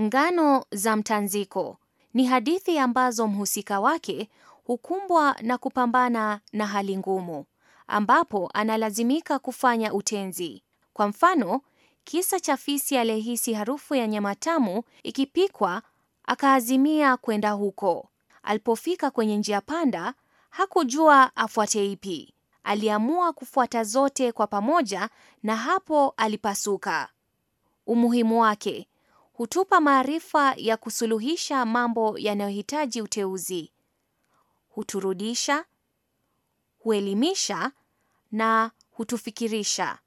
Ngano za mtanziko ni hadithi ambazo mhusika wake hukumbwa na kupambana na hali ngumu, ambapo analazimika kufanya utenzi. Kwa mfano, kisa cha fisi aliyehisi harufu ya nyama tamu ikipikwa akaazimia kwenda huko. Alipofika kwenye njia panda, hakujua afuate ipi. Aliamua kufuata zote kwa pamoja, na hapo alipasuka. Umuhimu wake hutupa maarifa ya kusuluhisha mambo yanayohitaji uteuzi, huturudisha, huelimisha na hutufikirisha.